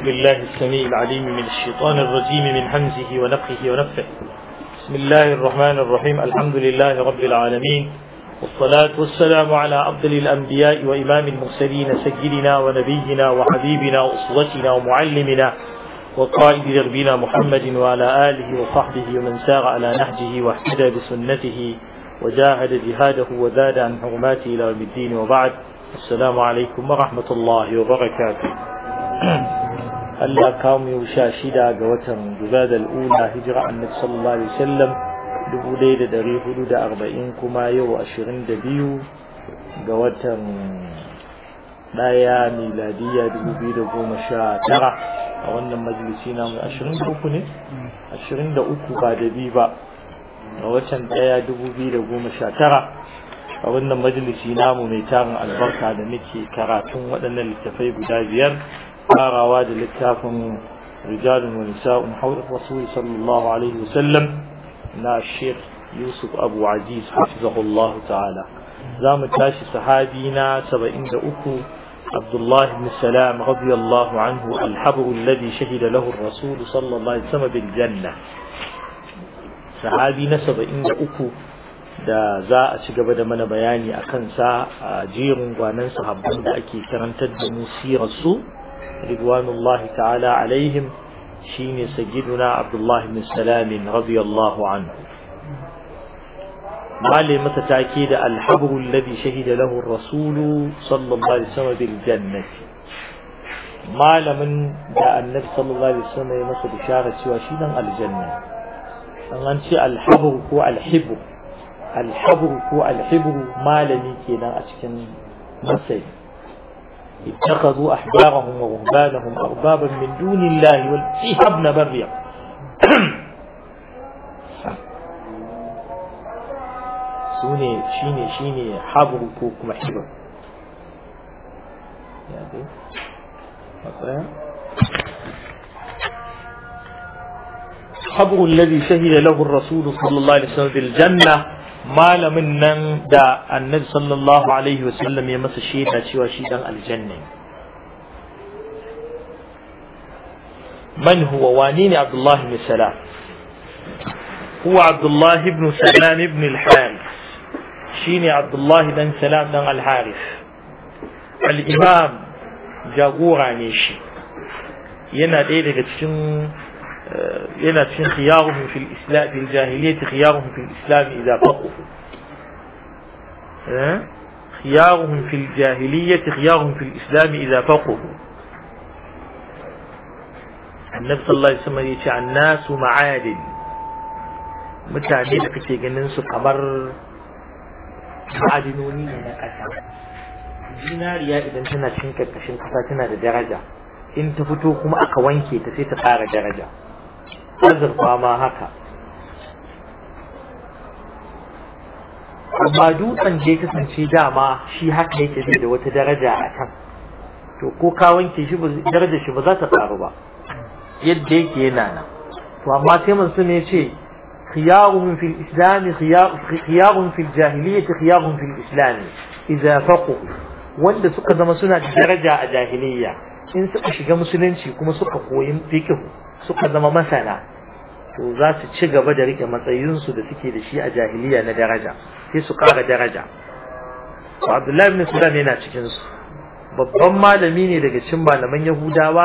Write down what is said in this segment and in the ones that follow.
بسم الله السميع العليم من الشيطان الرجيم من همزه ونفخه ونفه بسم الله الرحمن الرحيم الحمد لله رب العالمين والصلاة والسلام على أفضل الأنبياء وإمام المرسلين سيدنا ونبينا وحبيبنا وأسوتنا ومعلمنا وقائد دربنا محمد وعلى آله وصحبه ومن سار على نهجه واهتدى بسنته وجاهد جهاده وزاد عن حرماته إلى يوم الدين وبعد السلام عليكم ورحمة الله وبركاته Allah kawo yau sha shida ga watan Jumadal Ula hijira Annabi sallallahu alaihi wasallam 1440 kuma yau 22 ga watan daya miladiya 2019 a wannan majalisi namu 23 ne 23 ba da bi ba a watan daya 2019 a wannan majalisi namu mai tarin albarka da muke karatun waɗannan littafai guda biyar farawa da littafin rijalun wa nisa'un hawla rasul sallallahu alaihi wasallam na Sheikh Yusuf Abu Aziz hafizahullah ta'ala zamu tashi sahabi na da 73 Abdullah ibn Salam radiyallahu anhu al-habr alladhi shahida lahu ar-rasul sallallahu alaihi wasallam bil janna sahabi na 73 da za a ci gaba da mana bayani akan sa a jerin gwanan sahabban da ake karantar da mu sirarsu رضوان الله تعالى عليهم شين سيدنا عبد الله بن سلام رضي الله عنه معلمة تأكيد الحبر الذي شهد له الرسول صلى الله عليه وسلم بالجنة malamin da annabi sallallahu alaihi wasallam ya masa bishara cewa shi dan aljanna an an ce ko alhibru alhabru ko alhibru malami kenan a cikin masai اتخذوا أحبارهم ورهبانهم أربابا من دون الله والمسيح ابن مريم سوني شيني شيني حبر كوك محبر يعني الذي شهد له الرسول صلى الله عليه وسلم بالجنة malamin nan da annabi sallallahu alaihi wasallam ya masa shaida cewa shi dan aljanna man huwa wani ne abdullahi bin salam huwa abdullahi ibn salam ibn al-harith shine abdullahi dan salam dan al-harith al-imam jagora ne shi yana ɗaya daga cikin لنا آه، خيارهم في الإسلام في الجاهلية خيارهم في الإسلام إذا ضعفوا آه، خيارهم في الجاهلية خيارهم في الإسلام إذا فقهوا النبي صلى الله عليه وسلم يقول الناس معادن متى نبقى تيجنن قمر معادنوني من أسر جينار يا إذا تنا شنكت شنكتا تنا درجة إن تفتوكم أقوانكي تسيت قارة درجة azurfa ma haka amma dutsen da ya kasance dama shi haka yake zai da wata daraja a kan to ko ka wanke shi daraja shi ba za ta faru ba yadda yake yana nan to amma sai mun ya ce khiyarun fil islam khiyarun fil jahiliyyah khiyarun fil islam idza faqu wanda suka zama suna da daraja a jahiliyya in suka shiga musulunci kuma suka koyi fiqh suka zama masana to za su ci gaba da rike matsayinsu da suke da shi a jahiliya na daraja sai su ƙara daraja to abdullahi ibn sudan yana cikin su babban malami ne daga cikin malaman yahudawa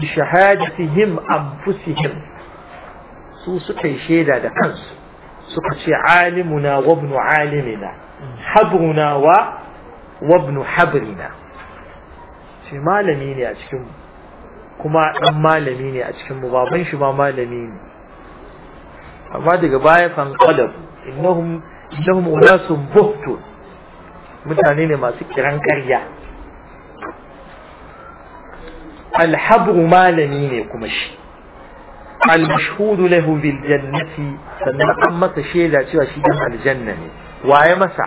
bi shahadatihim anfusihim su suka yi shaida da kansu suka ce alimuna wa ibn alimina habruna wa ibn habrina shi malami ne a cikin kuma dan malami ne a cikin mu baban shi ma malami ne amma daga baya fan qalab innahum innahum unasun buhtun mutane ne masu kiran karya alhabru malami ne kuma shi almashhudu sannan an masa shaida cewa shi dan aljanna ne waye masa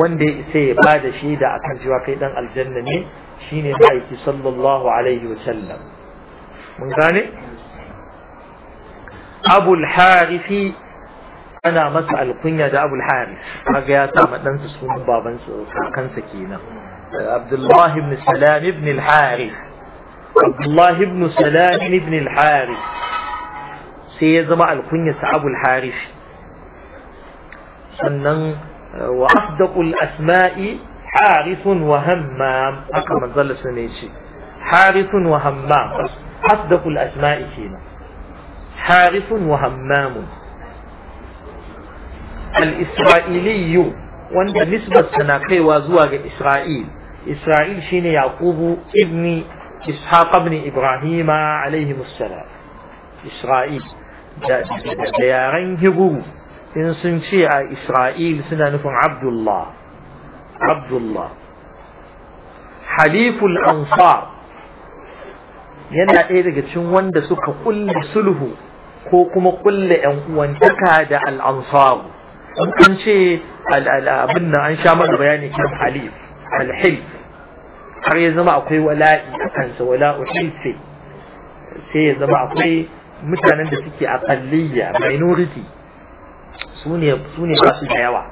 wanda ya isa ya bada shaida akan cewa kai aljanna ne shine ma'aiki gane أبو الحارث ana masa alkunya da abul haris kaga ya sa ɗansa sunan baban kansa kenan abdullahi ibn salam ibn al-haris abdullahi ibn salam ibn al-haris sai ya zama alkunya sa abul haris sannan wa afdaqul asma'i harisun wa hammam aka manzala su ne ce harisun wa hammam afdaqul asma'i kenan حارث وهمام الإسرائيلي وند نسبة سناقي وزواج إسرائيل إسرائيل شين يعقوب ابن إسحاق ابن إبراهيم عليهم السلام إسرائيل da yaren hiru in sun ce a Isra'il suna nufin Abdullah Abdullah Haliful Ansar yana ɗaya daga cikin wanda suka kulle sulhu ko kuma kulle yan uwantaka da al'ansaru an ce abin nan an sha mana bayani kan halif alhilf har ya zama akwai wala'i a kansa wala'u hilfi sai ya zama akwai mutanen da suke kalliya minority su ne ba su da yawa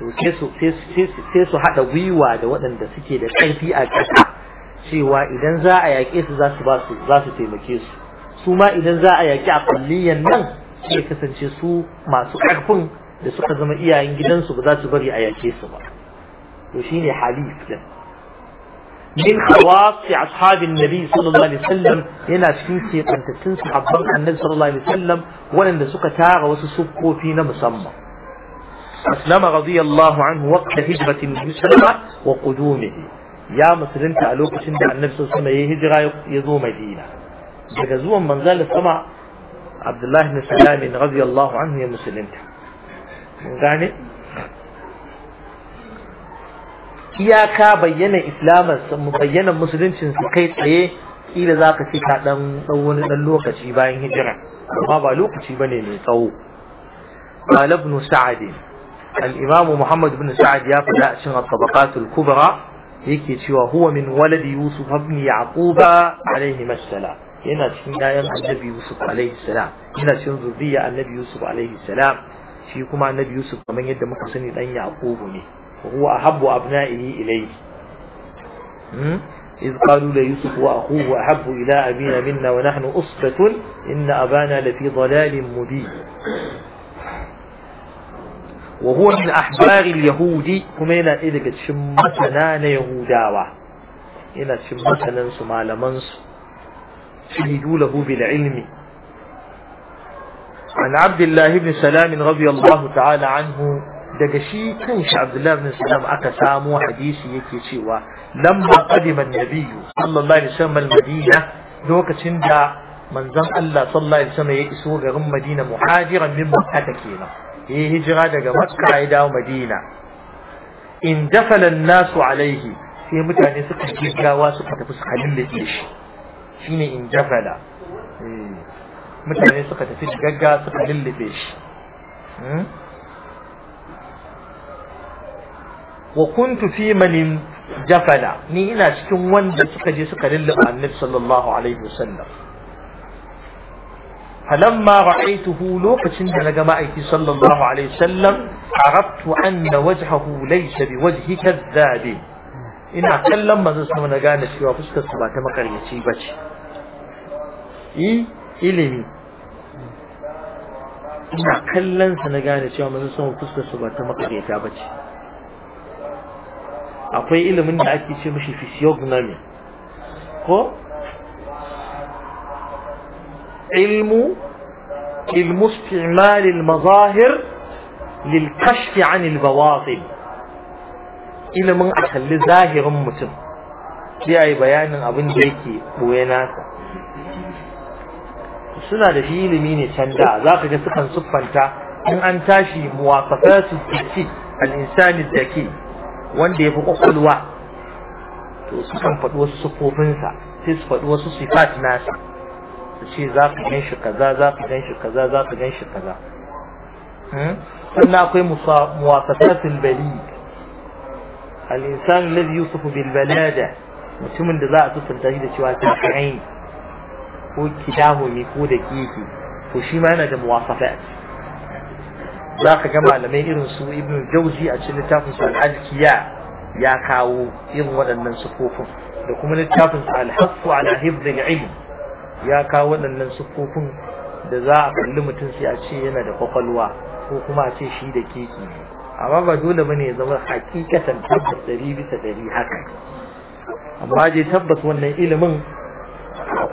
to sai su haɗa gwiwa da waɗanda suke da ƙarfi a ƙasa cewa idan za a yaƙe su za su taimake su su ma idan za a yaki a kulliyan nan sai kasance su masu karfin da suka zama iyayen gidansu ba za su bari a yake su ba to shine halif din min khawas ashabin nabi sallallahu alaihi wasallam yana cikin kebantattun sahabban annabi sallallahu alaihi wasallam wanda suka tara wasu sukkofi na musamman أسلم رضي الله عنه وقت هجرة النبي صلى الله عليه وسلم وقدومه يا مسلمت ألوك شند عن نفسه سمى هجرة يزو مدينة بجزوه من غال السمع عبد الله بن سلام رضي الله عنه يا مسلم يعني إياكا بيّن إسلاما مبيّن مسلم سنسكيت أيه إلى ذاك سيكا دم دون اللوك جيبان هجرة ما بالوك جيبان ينطو قال ابن سعد الإمام محمد بن سعد يقول لأشن الطبقات الكبرى يكي هو من ولد يوسف بن يعقوب عليهما السلام yana cikin yayan annabi yusuf alaihi salam yana cikin zurriya annabi yusuf alaihi salam shi kuma annabi yusuf kamar yadda muka sani dan yaqubu ne huwa ahabbu abna'ihi ilayhi hmm إذ قالوا ليوسف وأخوه أحب إلى أبينا منا ونحن أصبة إن أبانا لفي ضلال مبين وهو من أحبار اليهود كما إلى إذا قد شمتنا يهوداوة إلى شمتنا سمال منصر شهدوا له بالعلم عن عبد الله بن سلام رضي الله تعالى عنه دقشي كنش عبد الله بن سلام أكسامو حديثي يكي سوى لما قدم النبي صلى الله عليه وسلم المدينة لوكة دا من زن الله صلى الله عليه وسلم يسوى غم مدينة محاجرا من مكة كينا هي هجرة دقا مكة إلى مدينة in dafala nasu alaihi sai mutane suka gaggawa suka tafi su halin da shi shine in jafala eh, mutane suka tafi gagga suka lullube shi hmm? wa kuntu fi manin ni ina cikin wanda suka je suka lullube annabi sallallahu alaihi wasallam فلما رأيته لوقتين لجماعتي صلى الله عليه وسلم عرفت أن وجهه ليس بوجه كذاب إن أكلم ما زلت من أجانا سوى فسكت سبعة مقرية بشي yi ilimi ina kallon sa na gane cewa manzon sama fuskar su ba ta makabaita ba ce akwai ilimin da ake ce mishi physiognomy ko ilmu ilmu istimal al-mazahir lil an al-bawatin ilimin a kalli zahirin mutum sai ayi bayanin abin da yake boye nasa suna da ilimi ne can da za ka ga sukan siffanta in an tashi muwafaqatu daki al da ke wanda ya fi kwakwalwa to sukan faɗi wasu siffofinsa sai su faɗi wasu sifat nasa su ce za ka gan shi kaza za ka gan shi kaza za ka gan shi kaza hmm? sannan akwai muwafaqatul bali al-insan alladhi yusufu bilbalada mutumin da za a siffanta shi da cewa ta aini ko kidahumi ko da kiki to shi ma yana da muwafafat za ka ga malamai irin su ibn jauzi a cikin littafin su al ajkiya ya kawo irin waɗannan sufofin da kuma littafin su al-haqqu ala hibdil ilm ya kawo waɗannan sufofin da za a kalli mutum sai a ce yana da kwakwalwa ko kuma a ce shi da kiki amma ba dole bane ya zama hakikatan tabbas ɗari bisa ɗari haka amma je tabbas wannan ilimin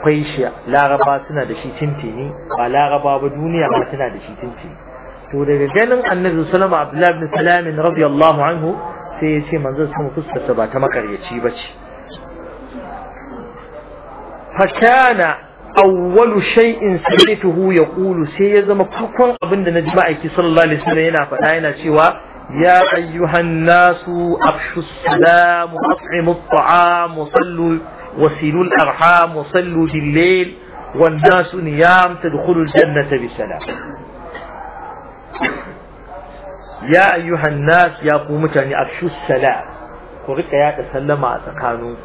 akwai shi laraba suna da shi tintini ba laraba ba duniya ma suna da shi tintini to daga ganin annabi sallama abdullahi bin salamin radiyallahu anhu sai ya ce manzon samu fuskarsa ba ta makaryaci ba ce fakana awwalu shay'in sallituhu yaqulu sai ya zama farkon abin da naji ma'aiki sallallahu alaihi wasallam yana faɗa yana cewa ya ayyuhan nasu afshu Salamu, wa at'imu wa sallu وصلوا الأرحام وصلوا في الليل والناس نيام تدخل الجنة بسلام يا أيها الناس يا قومك أن يعني أفشوا السلام ورك يا تسلم أتقانون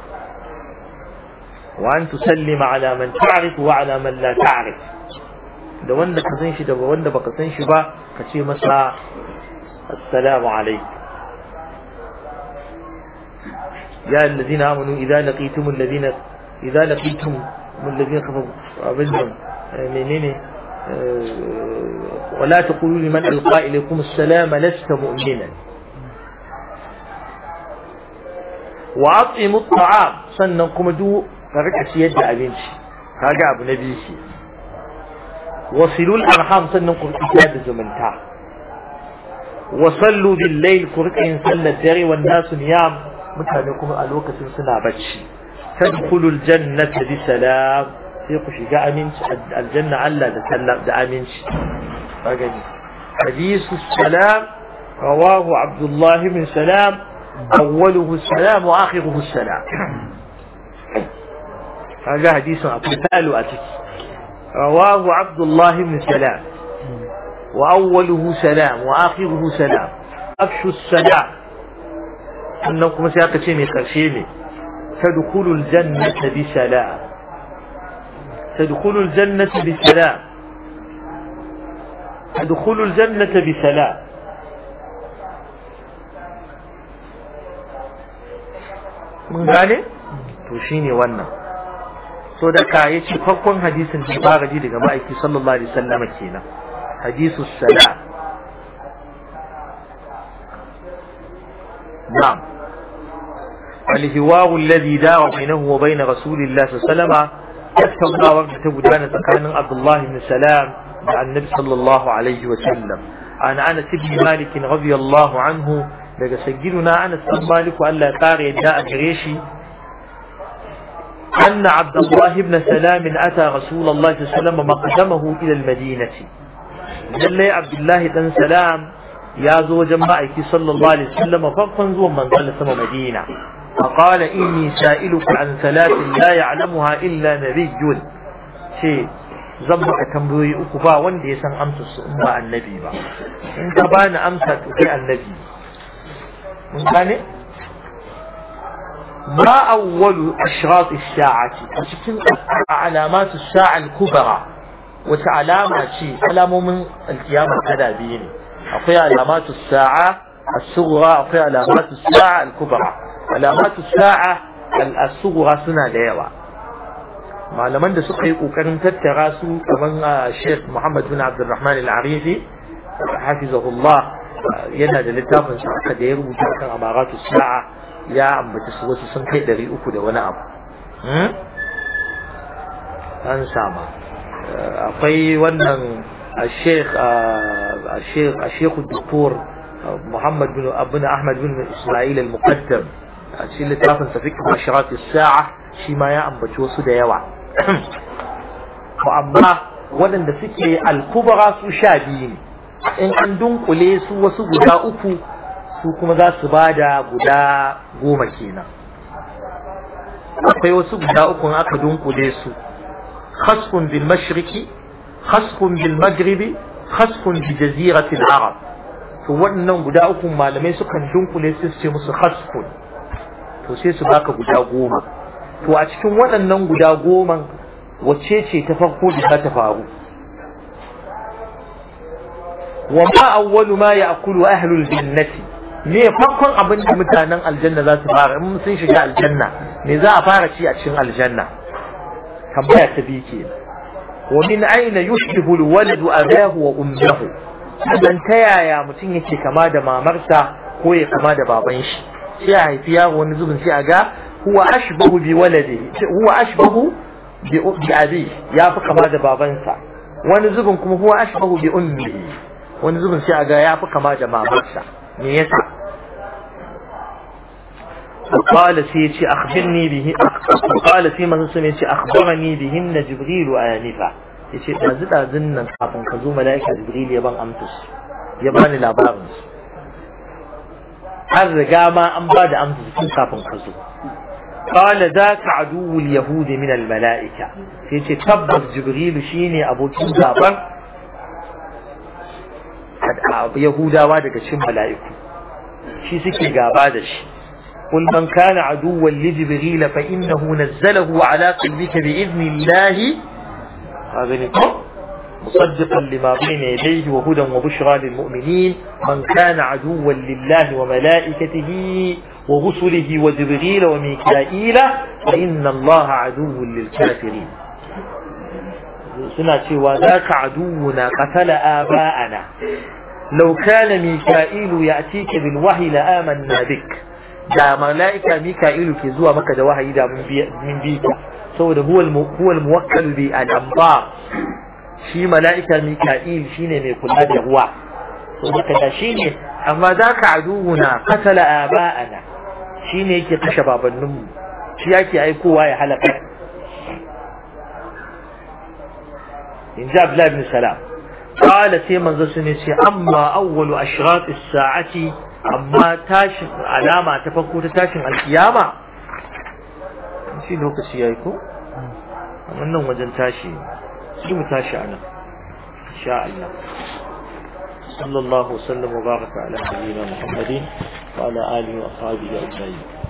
وأن تسلم على من تعرف وعلى من لا تعرف da wanda ka san با da wanda baka san يا الذين آمنوا إذا لقيتم الذين إذا لقيتم الذين كفروا منهم آه، منين آه، ولا تقولوا لمن ألقى إليكم السلام لست مؤمنا وأطعموا الطعام سننكم دو فرق سيد أبنشي هذا أبو نبيشي وصلوا الأرحام سننكم إجاد زمنتا وصلوا بالليل كرك إن صلى الدري والناس نيام mutane kuma a lokacin suna bacci tadkhulul jannata bi salam sai ku shiga aminci aljanna Allah da sallam da aminci bagani hadisu salam rawahu abdullah bin salam awwaluhu salam wa akhiruhu salam kaga hadisu akwai talu a ciki rawahu abdullah bin salam wa awwaluhu salam wa akhiruhu salam afshu salam sannan kuma sai aka ce mai ƙarshe ne tadkhulul jannata bi salam tadkhulul jannata bi salam jannata bi mun gane to shine wannan so da ka yace farkon hadisin da ba ji daga ma'aiki sallallahu alaihi wasallam kenan hadisus salam na'am الهوار الذي دار بينه وبين رسول الله صلى الله عليه وسلم tattaunawar da ta gudana tsakanin Abdullah ibn Salam da Annabi sallallahu alaihi wa sallam an Anas ibn Malik radiyallahu anhu daga sayyiduna Anas ibn Malik Allah ya kare yadda a gare shi أن عبد الله بن سلام أتى رسول الله صلى الله عليه وسلم مقدمه إلى المدينة جل عبد الله بن سلام يا زوج مائك صلى الله عليه وسلم فرقا زوما من قال مدينة فقال إني سائلك عن ثلاث لا يعلمها إلا نبي شيء zan maka tambayoyi uku ba wanda ya san amsa su in ba annabi ba in ka bani amsa to kai annabi mun gane ma awwalu ashrat as-sa'ati a cikin alamat as-sa'a al-kubra wata alama ce alamomin al-qiyama kada biyu ne akwai alamat as-sa'a as-sughra akwai alamat as-sa'a al-kubra علامات الساعة الصغرى سنة ديرا ما لما انت سقيق وكان تتغاسو كمان آه، الشيخ محمد بن عبد الرحمن العريفي حفظه الله آه، ينادى للتاب ان شاء الله قدير وكان عبارات الساعة يا عم بتسوس سنكي دري اكو دي ونعم ان ساما آه، اقي ونن الشيخ الشيخ الشيخ الدكتور محمد بن ابن احمد بن اسرائيل المقدم a cikin littafin sa fiqh ashirat saa shi ma ya ambaci wasu da yawa ko amma waɗanda suke al-kubra su sha biyu ne in an dunkule su wasu guda uku su kuma za su bada guda goma kenan akwai wasu guda uku aka dunkule su khasfun bil mashriqi khasfun bil maghribi khasfun bi jaziratil arab to waɗannan guda uku malamai sukan dunkule su ce musu khasfun to sai su baka guda goma to a cikin waɗannan guda goma wacce ce ta farko da ta faru wa ma awwalu ma ya'kulu ahlul jannati me farkon abin da mutanen aljanna za su fara in sun shiga aljanna me za a fara ci a cikin aljanna tambaya ta biyu ke wa min aina yushbihu alwaladu abahu wa ummuhu dan ta yaya mutum yake kama da mamarsa ko ya kama da baban shi sai a haifi yaro wani zubin sai a ga huwa ashbahu bi walade huwa ashbahu bi abi ya fi kama da babansa wani zubin kuma huwa ashbahu bi ummi wani zubin sai a ga ya fi kama da mamarsa me yasa قال سيتي أخبرني به قال سيما سيتي أخبرني بهن جبريل آنفا yace ɗazu ɗazun nan kafin ka zo mala'ika jibril ya ban amtus ya bani labarin su an riga ma an ba da amsa cikin kafin ka zo qala zaka aduwul yahudi min al mala'ika sai ce tabbas jibril shine abokin gaban yahudawa daga cikin mala'iku shi suke gaba da shi قل من كان عدوا لجبريل فإنه نزله على قلبك بإذن الله هذا نقول مصدقا لما بين يديه وهدى وبشرى للمؤمنين من كان عدوا لله وملائكته ورسله وجبريل وميكائيل فإن الله عدو للكافرين سنعتي وذاك عدونا قتل آباءنا لو كان ميكائيل يأتيك بالوحي لآمنا بك da ملائكة ميكائيل ke مكة maka da من da mun هو الموكل saboda shi mala'ika mika'il shine mai kula da ruwa to da kada shine amma ka aduhuna qatala aba'ana shine yake kashe babanninmu shi yake aikowa ya halaka in ji Abdullahi ibn Salam sai manzo amma awwalu قال سيما زسنسي أما أول أشراط ta أما تاشن علامة تفكوت تاشن القيامة شنو كسيايكو wannan wajen tashi شو متى شاء شأنا صلى الله وسلم وبارك على نبينا محمد وعلى آله وأصحابه أجمعين